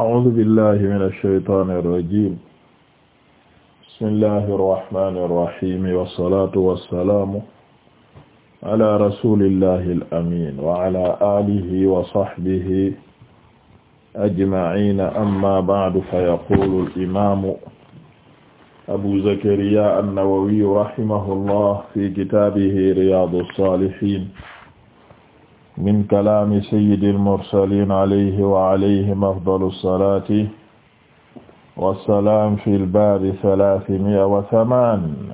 أعوذ بالله من الشيطان الرجيم بسم الله الرحمن الرحيم والصلاة والسلام على رسول الله الأمين وعلى آله وصحبه أجمعين أما بعد فيقول الإمام أبو زكريا النووي رحمه الله في كتابه رياض الصالحين min kalaami sayyidil mursaliin alayhi wa alayhim afdalu salaati wa salaam fil baabi salaasimi'a wa samaan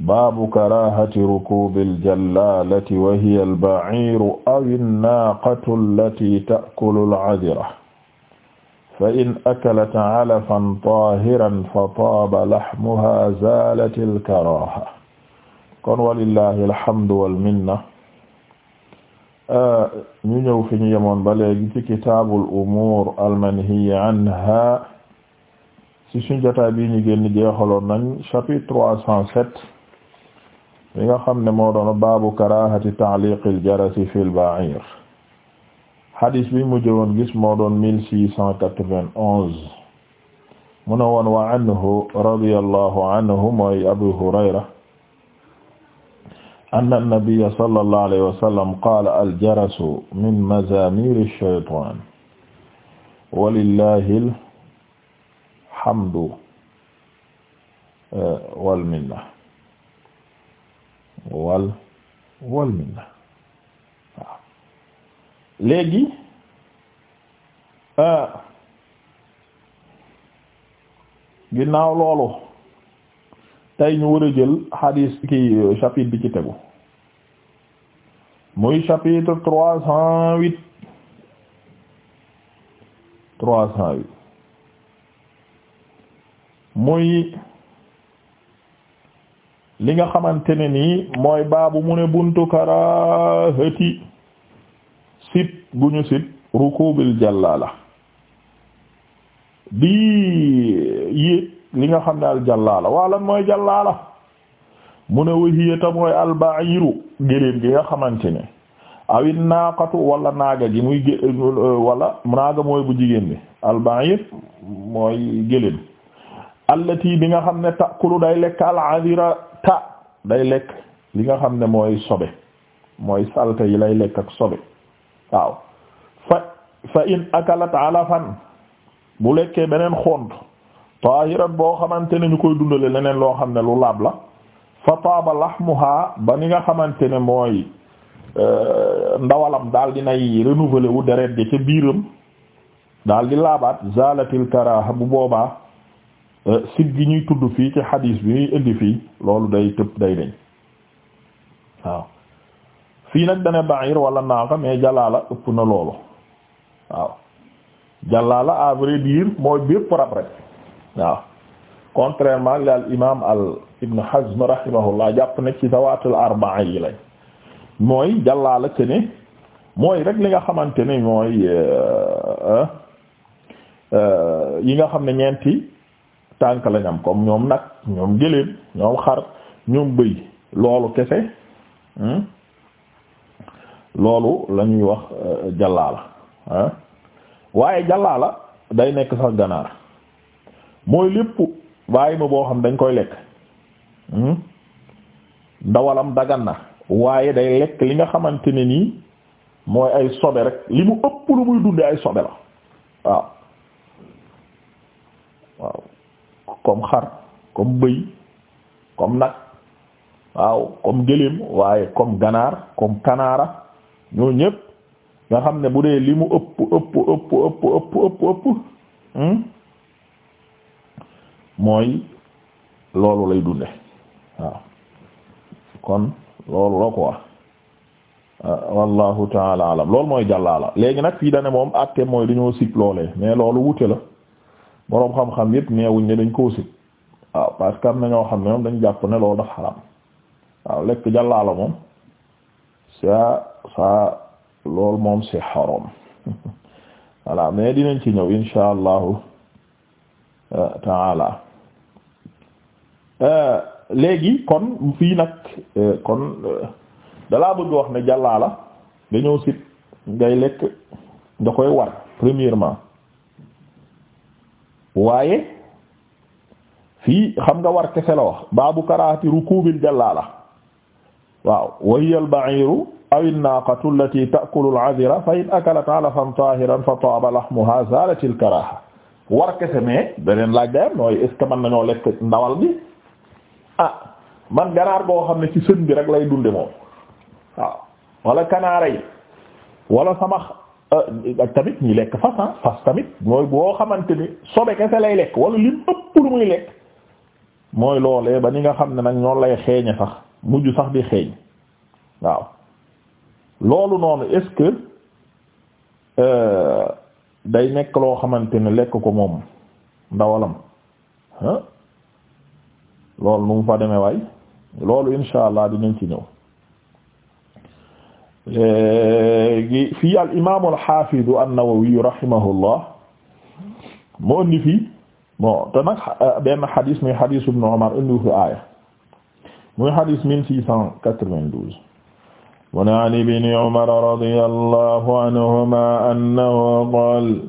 baabu karaahati rukuubil jallaalati wa hiyal ba'iiru awi naaqatu allatii ta'kulul 'adira فإن أكلت علفا طاهرا فطاب لحمها زالت الكراهة kon ولله الحمد والمنة Euh, ñu ñëw fi ñu yemoon ba léegi ci kitaabul umuur almanhiya anha ci suñu jotaay bi ñu génn jeexaloon nañ chapitre trois cent sept li nga xam ne moo doon baabu karaahati ta'liiqil jarasi fil ba'iir hadis bi mu gis moo doon mille six cent quatre mu ne woon wa anhu radiyallahu anhu mooy Abu Hurayra anna nabiyya sallallahu alayhi wa sallam qaala aljarasu min mazaamiri shaytaan walillahi alhamdu wal minna wal wal minna waaw léegi ginnaaw loolu tey ñu war a jël hadis ki chapitre bi ci tegu muy chapitre trois cent huit trois cent huit muy li nga xamante ne nii mooy baabu mu ne buntu karahati sip gu ñu sip rukubil jàllala di yéeg li nga xam ne aljallaala waa lan mooy jallaala mu ne wahiya ta mooy alba'iru géléem gi nga xamante ne awit naaqatu wala naaga gi muy gé wala naaga mooy bu jigéen bi alba'ir mooy géléem allati bi nga xam ne takulu day lekk al'adira ta day lekk li nga xam ne mooy sobe mooy salte yi lay lekk ak sobe waaw fa fa in akalat alafan bu lekkee beneen xont taahiran boo xamante ne ñu koy dundale leneen loo xam ne lu laab la fa taaba lahmuha ba ni nga xamante ne mooy euh, ndawalam daal dinay renouveler wu deret ji ca biiram daal di laabaat zalatil karaha bu boobaa euh, sig gi ñuy tudd fii fii loolu day tëb day deñ waaw fii nag dane ba'ir wala naaqa mais jalaala ëpp na loolu waaw jalaala à vrai dire mooy bépp rab rek waaw contrairement li al imam al ibn Hazm rahimahullah jàpp ne ci zawaatul arba'a yi lañ mooy jàllaala ke ne mooy rek li nga xamante ni mooy euh, euh, euh, yi nga xam ne ñeenti tànk lañ am comme ñoom nag ñoom gëléem ñoom xar ñoom bëy loolu kese hmm? loolu la ñuy wax jàllaala waaye jàllaala day nekk sax ganaar mooy lépp bàyyi ma boo xam dañ koy lekk ndawalam dagan na waaye day lekk li nga xamante ne nii mooy ay sobe rek li mu ëpp lu muy dunde ay sobe la waaw waaw comme xar comme bëy comme nag waaw comme gëléem waaye comme ganaar comme kanaara ñoo ñépp nga xam ne bu dee li mu ëpp ëpp ëpp ëpp ëpp ëpp ëpp mooy loolu lay dunde kon loolu la quoi wallahu taala alam lool mooy jàllaala léegi nag fii dane moom àtte mooy dañoo sib loole mais loolu wute la boroom xam-xam yépp neewuñ ne dañ koo sib waaw parce am na ñoo xam ne moom dañ jàpp ne loolu dafa xaram lekk jàllaala moom ça ça loolu moom c'est haram voilà mais dinañ ci ñëw insha allahu euh, taala Euh, léegi kon fii nag euh, kon euh, dalaa bëgg wax ne jàllaa la nga ñëw sit ngay lekk nga koy war premièrement waaye fii xam nga war kese la wax baabu karaahati rukubil jàllaa waaw wa hiya al ba'iru aw an-naaqatu allati ta'kulu al-'adhira fa 'alafan taahiran fa taaba lahmuha zaalat al karaaha war kese mais beneen laaj dayam nooy est-ce que nañoo lekk ndawal bi man ganaar boo xam ne ci sën bi rek lay dunde moom waaw wala kanaara yi wala sama euh, tamit ñi lekk fas ah fas tamit mooy boo xamante ni sobe kese lay lekk wala lim ëpp lu muy lekk mooy loolee ba ni nga xam ne nag ñoo lay xeeñe sax mujj sax di xeeñ waaw loolu noonu est euh, day nekk loo xamante ne lekk ko moom ndawalam ah? loolu nu mu fa demee waay loolu insha allah dinañ ci ñëw léegi fii al imaamu al xaafidu an mu indi fii bon te nag euh, benn xadis muy xadisu Ibn Umar indi fi aaya cent quatre-vingt-douze wa an Ibni Umar radiyallahu anhuma annahu qaala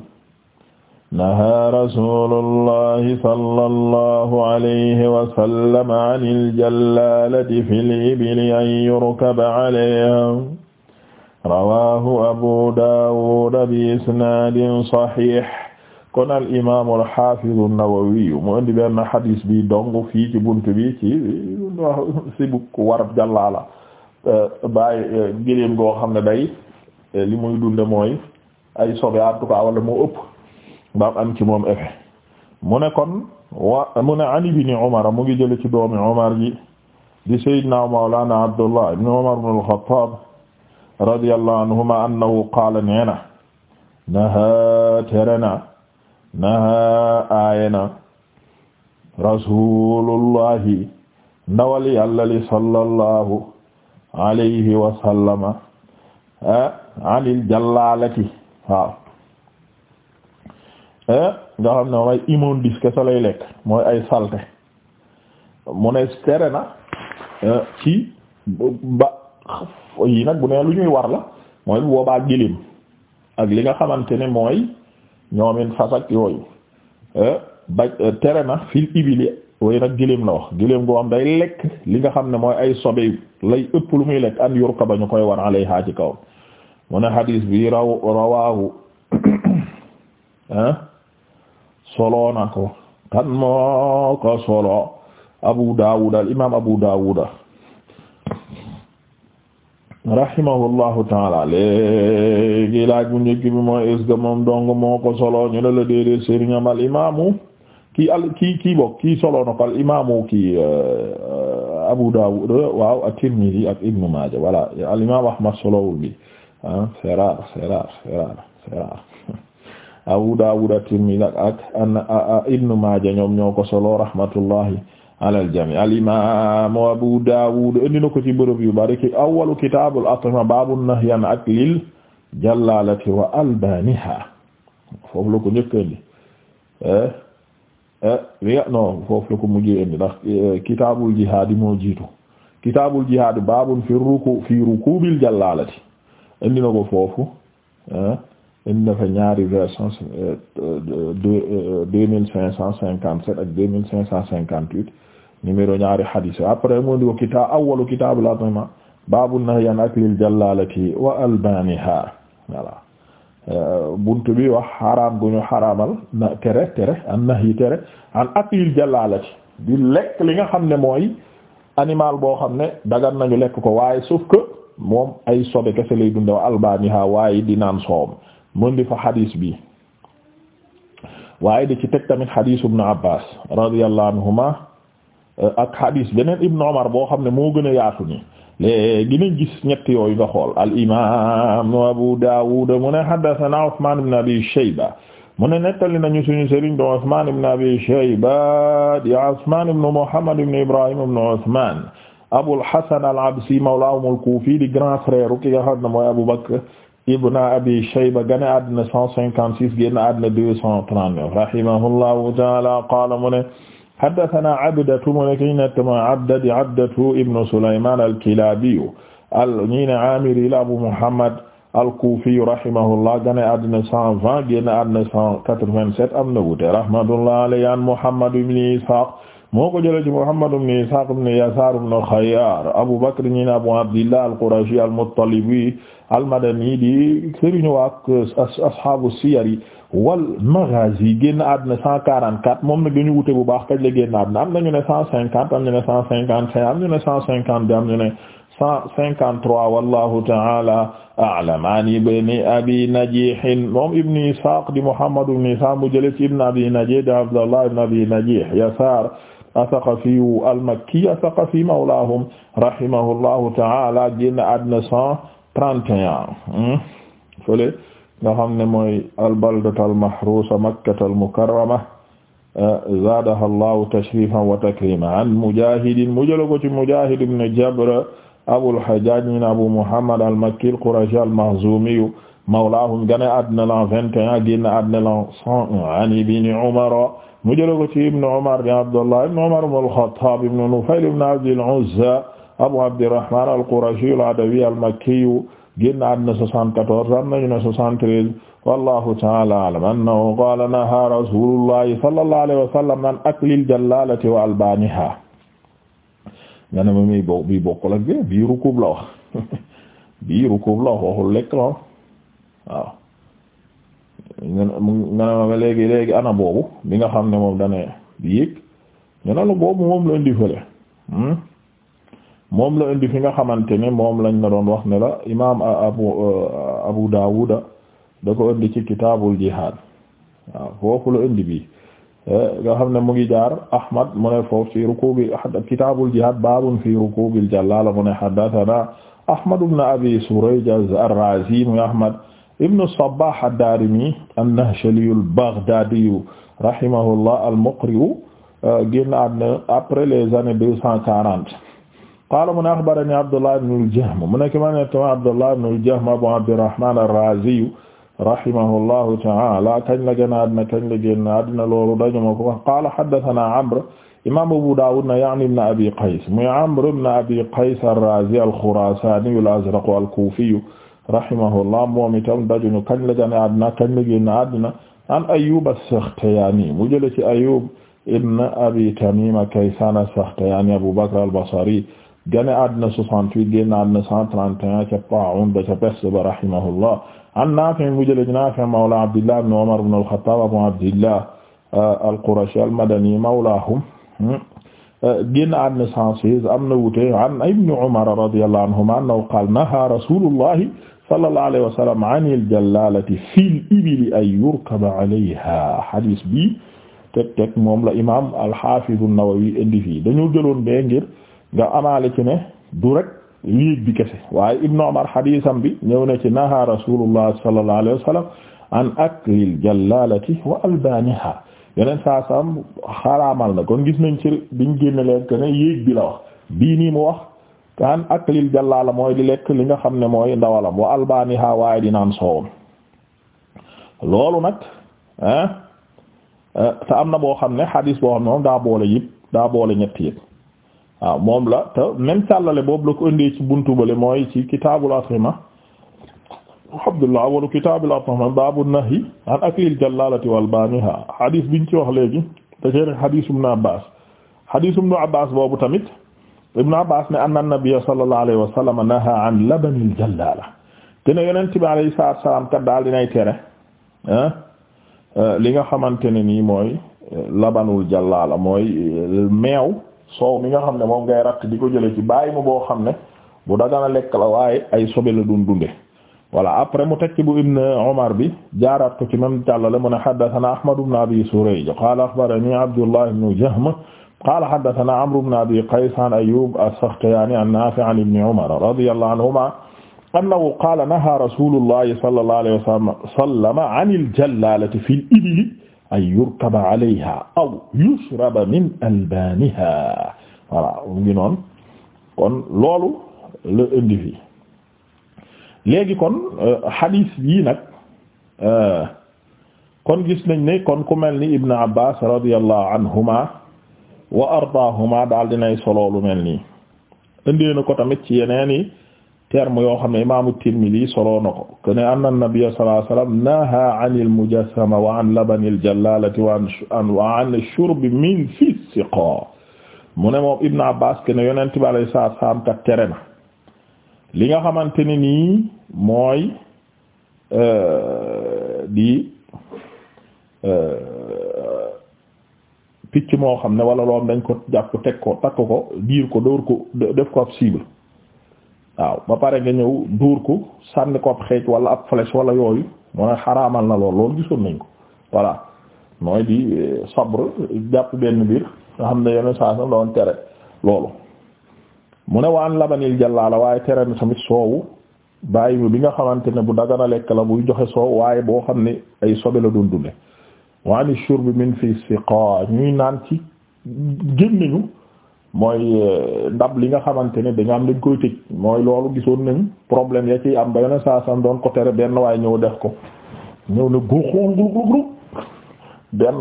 nahaa rasuulullahi sallallahu alayhi wa sallam anil jallaalati fil ibili an yurkaba alayhaa rawaahu abu daawuda bi isnaadin saxiix kon al imaamu al xaafidu nawawi mu indi benn xadiis bi dong fii ci buntu bi ci si bu warab jàllaala bàyyi giléem goo xam ne day li muy dunde mooy ay sobe en tout cas wala moo ëpp. baam am ci moom effet mu ne kon wa mu ne an ibni Umar mu ngi jële ci doomi Umar ji di sayyidina mawlana Abdullah ibn Umar ibn al-Khattab radiyallahu anhuma annahu qaala neena naha terena naha ayena rasulullahi ndawal yàlla li sallallahu alayhi wa sallama ah, anil jallalati waaw nga xam ne moom ay immondice kese lay lekk mooy ay saleté mu ne tere na ci ba yii nag bu ne lu ñuy war la mooy bu boobaa gilim ak li nga xamante ne mooy ñoomin fas yooyu ba tere na fil ibili waaye nag gilim la wax gilim goo am day lekk li nga xam ne mooy ay sobe lay ëpp lu muy lekk an yurka ba ñu koy war alayha ci kaw mu ne hadis bi raw rawaahu ah solo na ko kan moo ko solo Abu Dawud al imaam Abu Dawud rahimahullahu taala léegi laaj bu njëkk bi mooy est moom dong moo ko solo ñu la déedéet sëriñam al imaamu kii al kii kii bokk kii solo na al imaamu kii euh, Abu Dawud waaw at-Tirmidhi ak al imaam Ahmad solowul bi ah c'est rare c'est rare Abu Dawud at-Tirmidhi ak Ibn Maaja ñoom ñoo ko solo rahmatullahi alal jami al Abu Dawud indi na ko ci yu bari ci awwalu kitaabul atima babu nahyi an aklil jallalati wa albaniha foofu la ko njëkk indi eh, eh, li non foofu la ko mujjee eh, kitaabul jihaad moo kitaabul jihaad babun fi fi rukubil jallalati indi foofu indi na fa ñaari version euh, euh, deux mille cinq cent cinquante sept ak deux mille cinq cent cinquante huit ñaari hadith après mu ndi ko kitaab awwalu kitaab la atma baabu nahyi an aklil jallalati wa albaniha voilà euh, buntu bi wax xaraam gu ñu xaraamal na tere tere an nahyi tere an aklil jallalati di lekk li nga xam ne mooy animal boo xam ne dagan nañu lekk ko waaye sauf que moom ay sobe kese lay dundee wa albaniha waaye di naan soom mun di fa xadis bi waaye di ci teg tamit xadis ibnu abbas radiyallahu anhuma eh, ak xadis beneen ibnu umar boo xam ne moo gën a yaatu ni léegi nañ gis ñett yooyu nga xool al imam abu dawud mu ne haddathana usman ibn abi shayba mu ne nettali nañu suñu sëriñ do usman ibn abi shayba di usman ibn muhammad ibn ibrahim ibn usman abul hasan al absi mawlaahum al kufi di grand frère ki nga xam ne mooy abu bakr ibn abi shayba gane àddina cent cinquante six génn àddina deux cent trente neuf rahimahullahu taala qaala mu ne haddathana abdatu mu ne ki nettama abda di abdatu ibnu sulayman alkilabiyu al ñi ne amiri la abu muhammad alkufiyu rahimahullah gane àddina cent vingt génn àddina cent quatre-vingt-sept am na wuute rahmatullah alayhi an muhammad ibn ishaq moo ko jëlee ci Muhammad ibn Ishaq ibn Yasar ibn Khayyar Abu Bakr ñi ne Abu Abdillah al-Qurashi al-Muttalibi al-Madani di sëriñu waa ashaabu siyar wal maghazi génn àdduna cent quarante quatre moom nag dañu wute bu baax kañ la génn àdduna am nañu ne cent cinquante am ñu ne cent cinquante cinq am ñu ne cent cinquante am ñu ne cent cinquante trois wallahu ta'ala a'lam an ibn abi najih moom ibn Ishaq di Muhammad ibn Ishaq mu jëlee ci ibn abi najih di Abdullah ibn abi najih Yasar as-Saqafiyu al-Makki as-Saqafi mawlaahum rahimahullahu ta'ala génn àddina cent trente et un hmm? fële nga xam ne mooy al-baldatu al-mahruusa makkatu al-mukarrama eh, zaadaha llahu tashrifan wa takriman an Mujaahidin mu jël ko ci Mujaahid ibn Jabr Abul Hajjaaj min Abu Muhammad al-Makki al-Qurashi al-Makhzuumiyu mawlaahum gane àddina la 21 génn àddina la 101 an ibni Umar mu jële ko ci ibn Umar bin Abdullah ibn Umar ibn al-Khattab ibn Nufayl ibn Abd al-Uzza Abu Abdirrahman al-Qurashi al-Adawi al-Makki génn àddina 74 am nañu ne 73 wallahu ta'ala a'lam annahu qala naha rasulullahi sallallahu alayhi wa sallam an aklil jallalati wa albaniha gane ma mi bi bokkul ak bi bi rukub la wax bi rukub la waxul lekk la waaw nga ne léegi léegi ana boobu bi nga xam ne moom dane bi yéeg ñu boobu moom la indi fële hmm? moom la indi fi nga xamante ne moom lañ la doon wax ne la imaam abu euh, abu daawuda da ko indi ci kitaabul jihaad waaw foofu la indi bi eh, nga xam ne mu ngi jaar ahmad mu ne foofu fi rukubi kitaabul jihaad baabun fi rukubil jallaala mu ne haddathana ahmad ibn abi surayj ar ahmad ibnu Sabbah ad-Daarimi an-Nahshali al-Baghdaadi rahimahullah al-Muqri euh, génn àddina après les années deux cent quarante qaala mu ne axbarani Abdullah ibn al-Jahm mu nekk ma ne tama Abdullah ibn al-Jahm Abu Abdirrahmaan ar-Raazi rahimahullahu ta'aala kañ la génn àddina kañ la génn àddina loolu dañu ma ko wax qaala haddathanaa Amr imaam Abu Daawuud na ya'ni ibn Abi Qays muy Amr ibn Abi Qays ar-Raazi al-Khuraasaani al-Azraq al-Kuufi rahimahullah moom itam dajuñu kañ la gane àddina kañ la génn àddina an Ayyub as-Sakhtiyani mu jële ci Ayyub ibn Abi Tamima Kaysan as-Sakhtiyani Abu Bakr al-Basri gane àddina 68 génn àddina 131 ca Ta'un ba ca Perse ba rahimahullah an Nafi' mu jële ci Nafi' mawla Abdillah ibn Umar ibn al-Khattab Abu Abdillah euh, al-Qurashi al-Madani mawlahum hmm, euh, génn àddina 116 am na wuute an Ibn Umar radiyallahu anhuma annahu qala naha Rasulullah sallallahu alayhi wa sallam anil jallalati fil ibili ay yurkaba alayha hadis bi teg teg moom la imaam al-Hafiz an-Nawawi indi fii dañu jëloon bee ngir nga amaale ci ne du rek liig bi kese waaye Ibn Umar hadisam bi ñëw na ci naha rasulullah sallallahu alayhi wa sallam an aklil jallalati wa albaniha yeneen saa sam xaraamal na kon gis nañ ci biñ génne leen que ne yéeg bi la wax bii nii mu wax. kaan aklil jàllaala mooy di lekk li nga xam ne mooy ndawalam wa albaaniha waaye di naan soowam loolu nag ah te am na boo xam ne xadiis boo xam ne moom daa boole yëpp daa boole ñett yëpp waaw moom la te même càllale boobu la ko indee ci buntu bale mooy ci kitaabul atrima alhamdulillah walu kitaabul atrima baabu nahyi an aklil jàllaalati wa albaaniha xadiis biñ ci wax léegi te xadiis ibn Abbaas xadiis ibn Abbaas boobu tamit Ibn Abbas ne anna an-nabiyya sallallahu alayhi wa sallam naha an labanil jallala te ne yonent bi alayhi salaam kat daal dinay tere ah, eh, li nga xamante ne nii mooy eh, labanul jallala mooy eh, meew soow mi nga xam ne moom ngay ratt di ko jële ci bàyyi mu boo xam ne bu dagana lekk la waaye ay sobe la dun dunde voilà après mu tekki bu Ibn Umar bi jaaraat ko ci même la mu ne haddathana Ahmad ibn Abi Surayj qala akhbarani Abdullah ibn Jahm qaala haddasanaa Amru bnu Abii Qays an Ayyuub as-Sakhtiyaani an Naafi' an Ibni Umar radiyallaahu anhumaa annahu qaala nahaa rasuulullaahi sallallaahu alayhi wa sallam anil jallaalati fil ibili an yurkaba alayhaa aw yushraba min albaanihaa voilà mu ngi noonu kon loolu la indi fi léegi kon hadis euh, yi nag euh, kon gis nañ ne kon ku mel ni Ibn Abbaas radiyallaahu anhumaa wa ardaahuma daal dinay solo lu mel nii indee na ko tamit ci yeneeni terme yoo xam ne imaamu Tirmidi solo na ko kene anna nabiyya naha anil mujassama wa an labanil jallalati wa an an shurbi min fisiqa mu ne moom Ibn Abbas kene yonent bi alayhi nga xamante ne nii mooy euh, di euh, picc moo xam ne wala loom dañ ko jàpp teg ko takk ko diir ko dóor ko def ko ab cible waaw ba pare nga ñëw dóor ko sànni ko ab xeej wala ab flèche wala yooyu mu ne xaraamal na lool loolu gisoon nañ ko voilà mooy di eh, sabr jàpp benn biir nga xam ne yeneen saa sam doon tere loolu mu ne waan labanil jàllaala waaye tere na tamit soowu bàyyi bi nga xamante ne bu dagana lekk la buy joxe soow waaye boo xam ne ay sobe la doon dunde wa an shurb min fi siqa ñuy naan ci gémmiñu mooy euh, ndab li nga xamante ne dañu am dañ koy tëj mooy loolu gisoon nañ problème ya ciy am ba yoona saa san doon ko tere benn waaye ñëw def ko ñëw ne góor xool gurgurgurug benn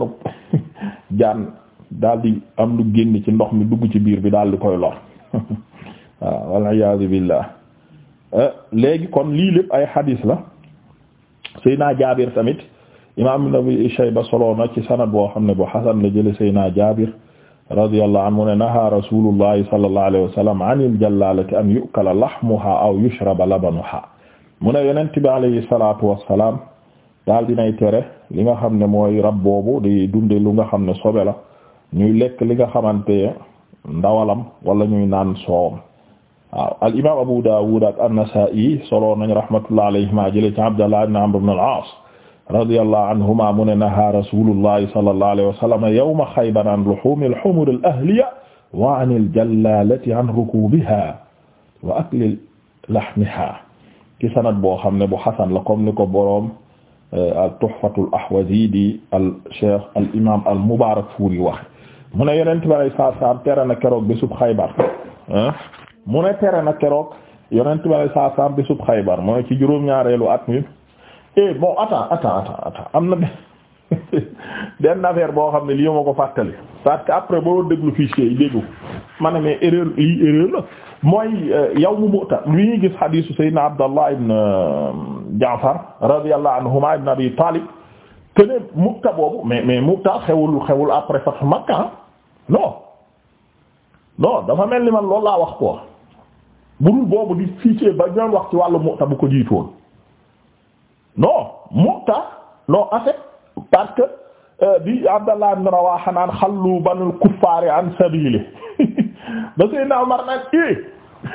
jaan daal am lu génn ci ndox mi dugg ci biir bi daal koy lor waaw wal iyaazu billah euh, léegi kon lii lépp ay xadiis la naa Jaabir tamit imaam Ibn Shayba solo na ci sanad boo xam ne bu hasan la jëlee Seydina naa radiyallahu anhu ne nahaa rasuulullahi sallallahu solo wa sallam anil jallaalati an yu'kala lahmuhaa aw yushraba labanuhaa mu ne yonent bi alayhi salaatu wa salaam daal li nga xam ne mooy rab boobu di dunde lu nga xam ne sobe la ñuy lekk li nga xamante ndawalam wala ñuy naan soowam waaw al imaam Abu Daawud ak an-Nasaa'i solo nañ rahmatullahi alayhimaa jëlee ci Abdallah ibn Amr radiyallahu anhuma mu ne naha rasulullahi sallallahu alayhi wa sallam yawma xaybar an luhumi al-humur al-ahliya wa an al-jallalati an rukubiha wa akli lahmiha ci sanad boo xam ne bu xasan la comme ni ko boroom eh, al-tuhfatul ahwazi di al-cheikh al-imam al-mubarakfuri wax mu ne yonent bi alayhi salaatu salaam tere na keroog bésub xaybar eh? mu ne tere na keroog yonent bi alayhi salaatu salaam bésub xaybar mu ne ci juróom-ñaareelu at mi eh bon attends attends attends attends am na benn affaire boo xam ne lii ma ko fàttali parce que après boo déglu fichier yi déggu ma ne mais erreur lii erreur la mooy euh, yawmu Mu'ta li ñuy gis hadiisu Seydina Abdallah ibn euh, Jaafar radiyallahu anhuma ibn Abi Talib te ne Mu'ta boobu mais mais Mu'ta xewul xewul après Fath Makka ah. non non dafa mel ni man loolu laa wax quoi budul boobu di fichier ba ñoom wax ci wàllu Mu'ta bu ko jiitoon no mukta non en fait parce que euh, bi Abdallah ibn Rawaha naan xallu banul kuffaari an sabili ba Seydina Omar naan i eh,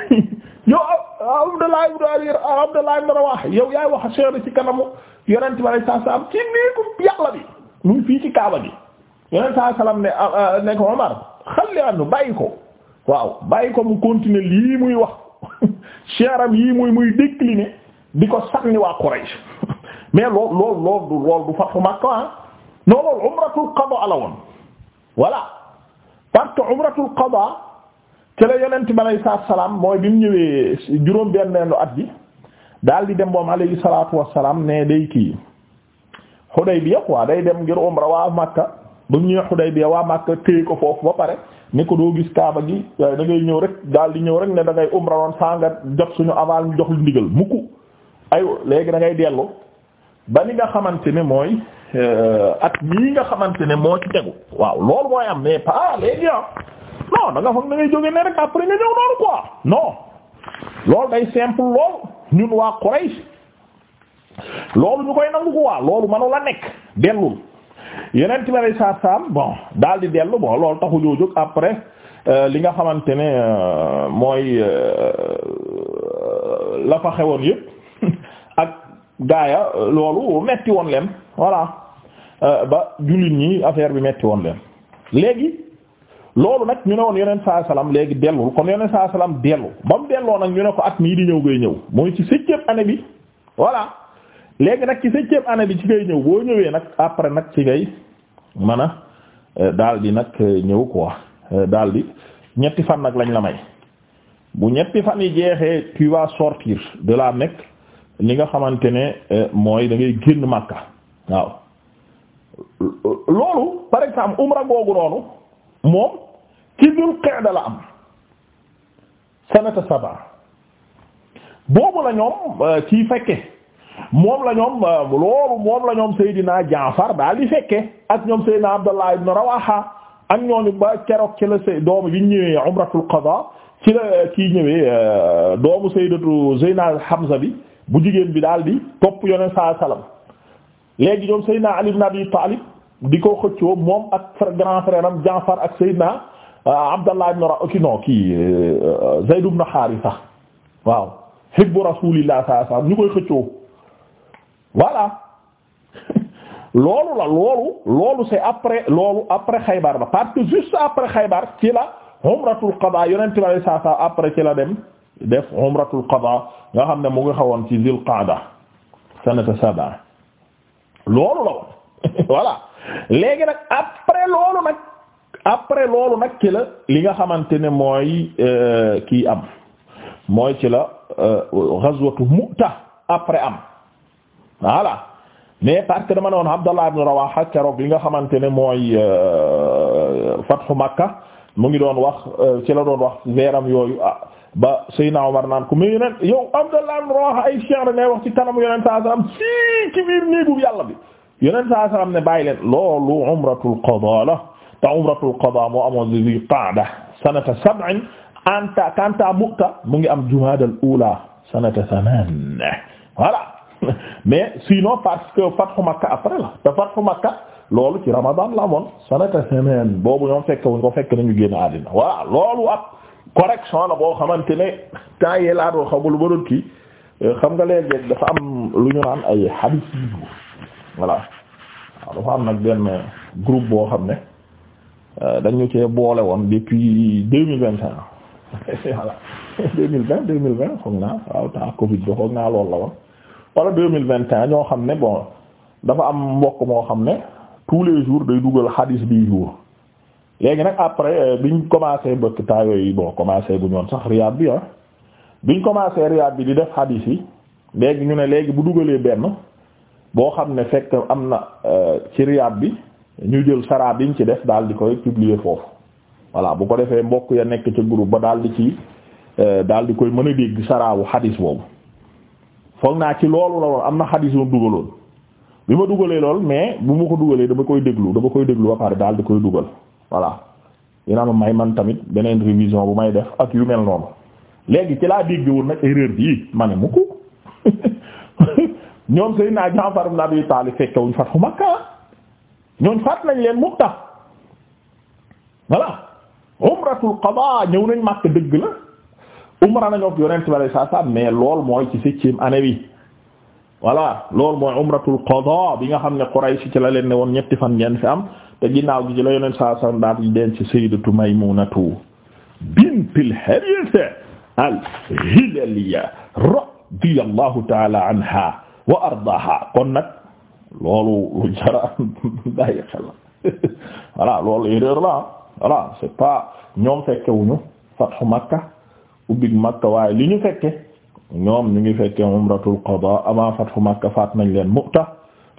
yow Abdallah ibn Abdallah ibn Rawaha yow yaay wax seere ci kanamu yonent bi alay saa salaam ci néegu yàlla bi mu fii ci kaaba gi yonent saa salaam ne ah, ah, ne ko Omar xalli anu bàyyi ko waaw bàyyi ko mu continuer lii muy wax seeram yii muy muy décliner di ko sànni waa Quraysh mais lool lool lool du lool du fatxu Makka ah non loolu la woon voilà parte que umratul qada ci la yonent bi alayhi salaam mooy bi mu ñëwee juróom benneelu at bi daal di dem boom alayhi salaatu wassalaam ne day kii Hudaybiya waa day dem ngir umra waa Makka ba mu ñëwee Hudaybiya waa Makka téye ko foofu ba pare ni ko doo gis Kaaba gi da ngay ñëw rek daal di ñëw rek ne da ngay umra woon saa nga jot suñu aval ñu jox lu ndigal mukk ay léegi da ngay ba li nga xamante ne mooy euh, at mii nga xamante ne moo ci tegu waaw loolu mooy am mais pas léegi ah non da nga foog da ngay jógee ne rek après nga ñëw noonu quoi non loolu day simple lool ñun waa Quraysh loolu ñu koy nangu ko waa loolu mënu la nekk dellul yeneen ci bari saa saam bon daal di dellu bon loolu taxu ñoo jóg après euh, li nga xamante ne euh, mooy la fa xewoon yëpp. gaaya loolu metti woon leen voilà euh, ba jullit ñi affaire bi metti woon leen léegi loolu nag ñu ne woon yonent saa salaam léegi dellul kon yonent saa salaam dellu ba mu delloo nag ñu ne ko at mii di ñëw ngay ñëw mooy ci septième année bi voilà léegi nag ci septième année bi ci ngay ñëw boo ñëwee nag après nag ci ngay mën a euh, daal di nag euh, ñëw quoi daal di ñetti fan nag lañ la may bu ñetti fan yi jeexee tu vas sortir de la Mecque li nga xamante ne eh, mooy da ngay génn Makka waaw loolu par exemple umra googu noonu moom ci dul qa'da la am sanata saba boobu la ñoom eh, ci fekke moom la ñoom eh, loolu moom la ñoom Seydina Jaafar daal di fekke ak ñoom Seydina Abdallah ibn Rawaha ak ñooñu ba keroog ci la say doomu bi ñëwee umratul qada ci la kii ñëwee doomu Sayyidatu Zeyna Hamza bi bu jigéen bi daal di topp yoneen saa salaam léegi ñoom Seydina Ali ibn Abi Talib di ko xëccoo moom ak grand frère am Jaafar ak Seydina euh, Abdallah ibn Ra ki non kii euh, Zayd ibn Haarisa waaw hibbu Rasulillah saa salaam ñu koy xëccoo voilà loolu la loolu loolu c'est après loolu après Xaybar la parce que juste après Xaybar ci la umratul qadaa yoneen tubaab yi saa saa après ci la dem. def umratul qada nga xam ne mu ngi xawoon ci zil qaada sanata léegi nag après loolu nag après la li nga xamante ne mooy euh, kii am mooy ci la euh, ghazwatu mu'ta après am voilà mais parce que dama ne woon Abdallah ibn Rawaha keroog li nga xamante ne mooy euh, fathu Makka mu ngi doon wax ci la doon wax veeram yooyu ah, ba Seydina Omar naan ko mais yeneen yow Abdallah ibn Rawaha ay shi'r ngay wax ci kanamu yeneen saa salaam fii ci biir néegu yàlla bi yeneen saa salaam ne bàyyi leen loolu umratul qadaa la te umratul qadaa moo amoon Zul Qa'da sanata sab'in anta kanta mu'ta mu ngi am Jumaada al-uula sanata thamaan voilà mais sinon parce que fathu Makka après la te fathu Makka loolu ci Ramadan la amoon sanata thamaan boobu ñoom fekk wuñ ko fekk nañu génn àddina voilà loolu ak correction la boo xamante ne temps yee laa doon xamul ba doon kii euh, xam nga léeg dafa am lu ñu naan ay hadith yi voilà waaw dafa am nag benn groupe boo xam ne euh, dañu cee boole woon depuis deux mille vingt et un voilà deux mille vingt deux mille wala deux mille vingt et un ñoo xam ne bon dafa am mbokk moo xam ne tous les jours day dugal hadith bi jour léegi nag après euh, biñ commencé bëkk temps yi boo commencé bu ñoon sax riyaad bi ah biñ commencé riyaad bi di def hadis yi léegi ñu ne léegi bu dugalee benn boo xam ne fekk am na euh, ci riyaad bi ñu jël sara ñu ci def daal di koy publier foofu voilà bu ko defee mbokk ya nekk ci groupe ba daal di ci euh, daal di koy mën a dégg saraawu hadis boobu foog naa ci loolu la woon am na hadis yoon dugaloon bi ma dugalee lool mais bu ma ko dugalee dama koy déglu dama koy déglu ba pare daal di koy dugal voilà dina ma may man tamit beneen révision bu may def ak yu mel noonu léegi ci laa dégg woon nag erreur bi ma ne mukk ñoom Seydina Jaafar ibn Abi Taalib fekkewuñ Fathu Makka ñooñ faat nañ leen Mu'ta voilà umratul qada ñëw nañ Makka dëgg la umra nañoo yonent bi sallallahu alayhi wasallam mais lool mooy ci septième année bi voilà loolu mooy umratul qada bi nga xam ne Quraysh ci la leen ne woon ñetti fan ngeen fi am te ginnaaw gi ci la yoneen saa sallam daal di denc sayyidatu Maymunatu bintul Harith al-Hilaliya radiyallahu ta'ala anha wa ardaha kon nag loolu lu jara bàyyi xel voilà loolu erreur la voilà c'est pas ñoom fekkewuñu fathu Makka ubbig Makka waaye li ñu fekke ñoom ñu ngi fekke umratul qada avant fathu Makka faat nañ leen Mu'ta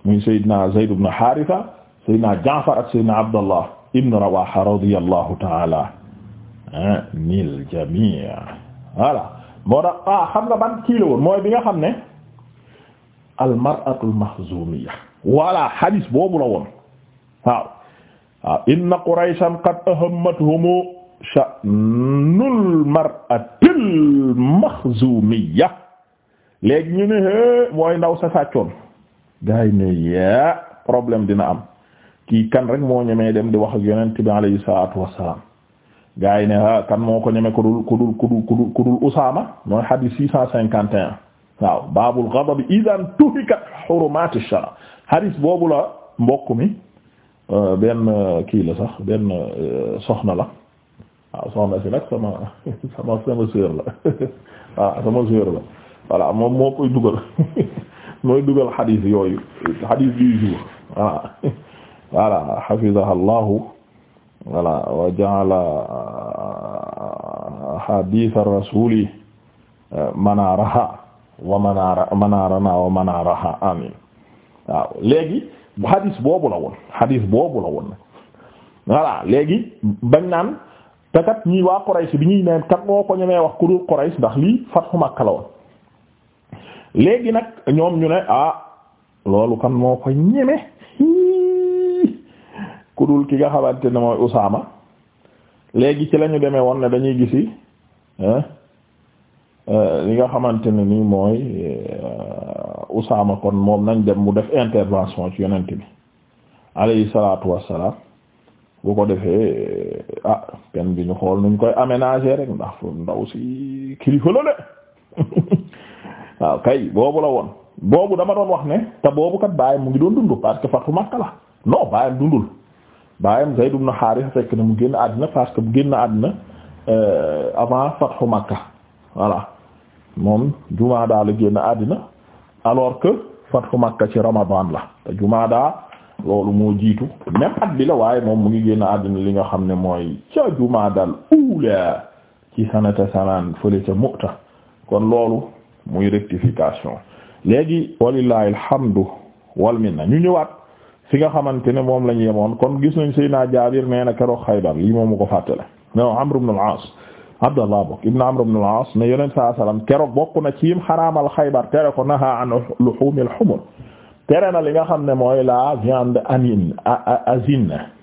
muy sayyidna Zayd ibn Haritha saydna Jaafar ak saydna Abdallah ibn Rawaha radiyallahu taala anil jamii voilà moo tax ah xam nga ban kii la woon mooy bi nga xam ne al mar'atul mahzumiya voilà hadis boobu la woon waaw waaw inna qurayshan qad ahammatuhum sha'nul mar'atil mahzumiya léegi ñu ne mooy ndaw sa sàccoon gars yi ne yaa problème dina am kii kan rek moo ñemee dem di wax ak yonent bi alayhi salaatu wassalaam gaa yi ne ah, kan moo ko ñemee ku dul ku dul ku dul ku dul mooy hadith six cent cinquante et un waaw idan tuhikat hurumaatu shara hadith boobu la mbokk mi euh, benn euh, sax benn euh, soxna la waaw soxna si nag sama sama sama sœur moo koy dugal mooy dugal hadith yooyu hadith du jour voilà hafizaha allahu voilà wa ja'ala uh, haditha rasuli uh, manaraha wa manara manarana wa manaraha amin waaw léegi hadis boobu la woon hadis boobu la woon voilà léegi bañ naan te kat ñii bi ñuy neen kat moo ko ñemee wax ku dul Quraysh ndax lii fathu Makka la woon léegi nag ñoom ñu ne ah loolu kan moo ko ñeme ku dul ki nga xamante ne mooy Usaama léegi ci lañu demee woon ne dañuy gisi euh, li nga xamante ne nii mooy euh, Usaama kon moom nañ dem mu def intervention ci yonent bi alayhi salaatu wassalaam bu ko defee euh, ah kenn bi ñu xool nuñ koy aménager rek ndax fu ndaw si kilifa la de waaw kay boobu la woon boobu dama doon wax ne te boobu kat baayam mu ngi doon dund parce que Fatu Makka la non baayam dundul baayam Zayd ibn Haarisa fekk na mu génn àddina parce que mu génn àddina euh, avant fathu Makka voilà moom Jumaada la génn àddina alors que fathu Makka ci Ramadan la te Jumaada loolu moo jiitu même at bi la waaye moom mu ngi génn àddina li nga xam ne mooy ca Jumaadal uula ci sanata sanaan fële ca Mu'ta kon loolu muy rectification léegi walillahi alhamdu wal minna ñu ñëwaat fi nga xamante ne moom lañ yemoon kon gis nañ Seydina Jaabir nee na keroog Xaybar lii moom mu ko fàttale non Amr ibn al-As Abdallah bokk ibn Amr ibn al-As ne yonent saa keroog bokk na ci yim xaraamal Xaybar tere ko naha an luhumil humur tere na li nga xam ne mooy la viande anine azine